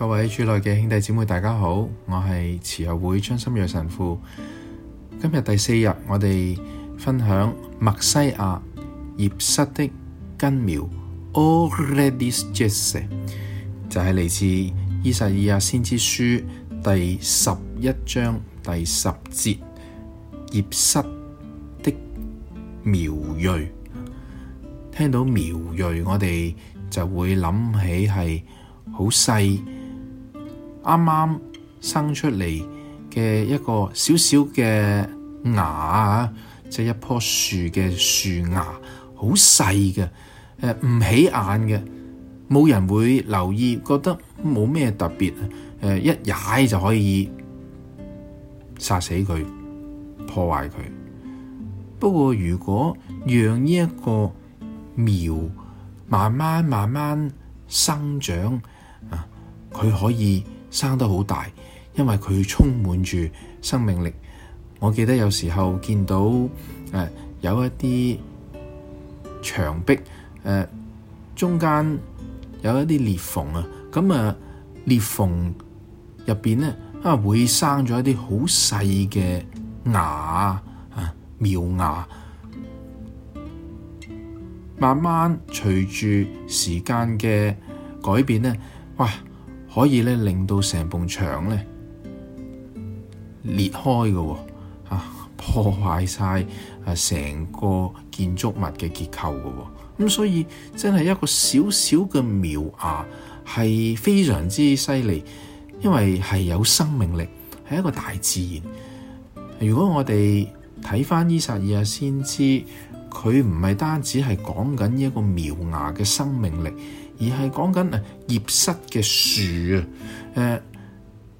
各位主內嘅兄弟姊妹，大家好，我係慈幼會張心銳神父。今日第四日，我哋分享默西亞葉瑟的根苗，O Radix Jesse 就係嚟自《依撒意亞先知書》第十一章第十節，葉瑟的苗裔。聽到苗裔，我哋就會諗起係好細。啱啱生出嚟嘅一個小小嘅芽啊，即係一棵樹嘅樹芽，好細嘅，誒唔起眼嘅，冇人會留意，覺得冇咩特別，誒一踩就可以殺死佢，破壞佢。不過如果讓呢一個苗慢慢慢慢生長啊，佢可以。生得好大，因為佢充滿住生命力。我記得有時候見到誒、呃、有一啲牆壁誒、呃、中間有一啲裂縫啊，咁啊裂縫入邊咧啊會生咗一啲好細嘅芽啊苗芽，慢慢隨住時間嘅改變咧，哇！可以咧令到成埲牆咧裂開嘅喎，破壞晒啊成個建築物嘅結構嘅喎，咁所以真係一個小小嘅苗芽係非常之犀利，因為係有生命力，係一個大自然。如果我哋睇翻《依撒意亞》啊，先知佢唔係單止係講緊一個苗芽嘅生命力。而係講緊葉瑟嘅樹啊，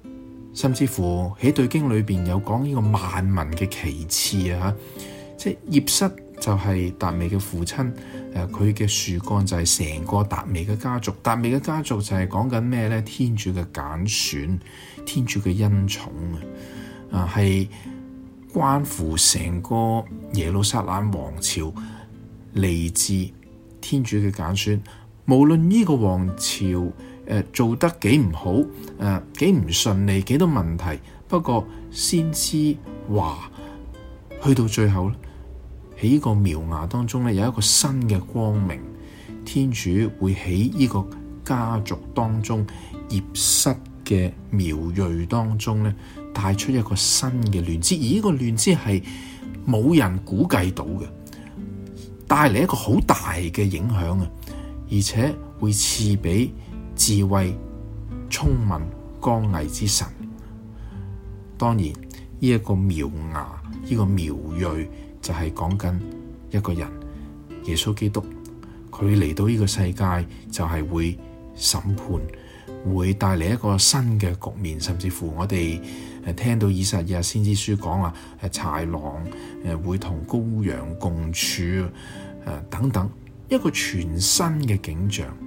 誒，甚至乎喺《對經》裏邊有講呢個萬民嘅旗幟啊，吓，即係葉瑟就係達味嘅父親，誒，佢嘅樹幹就係成個達味嘅家族，達味嘅家族就係講緊咩咧？天主嘅揀選，天主嘅恩寵啊，係關乎成個耶路撒冷王朝嚟自天主嘅揀選。無論呢個王朝誒、呃、做得幾唔好誒、呃、幾唔順利，幾多問題，不過先知話，去到最後咧，喺呢個苗芽當中咧，有一個新嘅光明，天主會喺呢個家族當中，葉瑟嘅苗裔當中咧，帶出一個新嘅嫩枝，而呢個嫩枝係冇人估計到嘅，帶嚟一個好大嘅影響啊！而且會賜俾智慧、聰敏、剛毅之神。當然，呢、這、一個苗芽、呢、這個苗裔就係講緊一個人——耶穌基督。佢嚟到呢個世界，就係、是、會審判，會帶嚟一個新嘅局面，甚至乎我哋誒聽到依撒意亞先知書講話誒豺狼誒會同羔羊共處誒等等。一個全新嘅景象，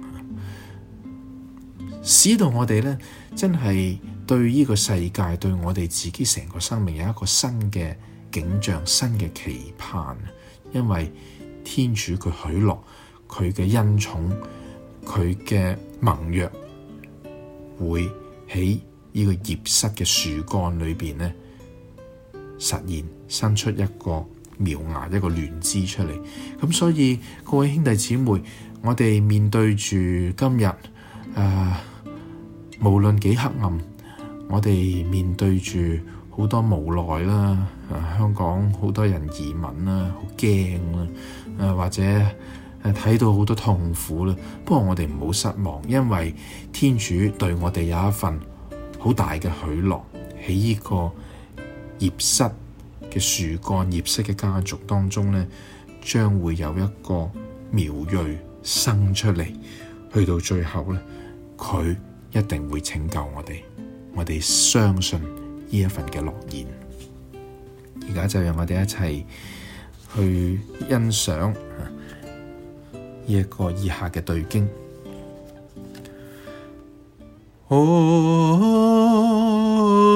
使到我哋呢真係對呢個世界，對我哋自己成個生命有一個新嘅景象、新嘅期盼。因為天主佢許諾，佢嘅恩寵、佢嘅盟約，會喺呢個葉瑟嘅樹幹裏邊呢實現，生出一個。苗芽一個嫩枝出嚟，咁所以各位兄弟姊妹，我哋面對住今日，誒、啊、無論幾黑暗，我哋面對住好多無奈啦、啊，香港好多人移民啦，好驚啦，誒、啊、或者誒睇、啊、到好多痛苦啦，不過我哋唔好失望，因為天主對我哋有一份好大嘅許諾喺呢個葉瑟嘅樹幹葉瑟嘅家族當中呢，將會有一個苗裔生出嚟，去到最後呢，佢一定會拯救我哋，我哋相信呢一份嘅諾言。而家就讓我哋一齊去欣賞呢一個以下嘅對經。Oh,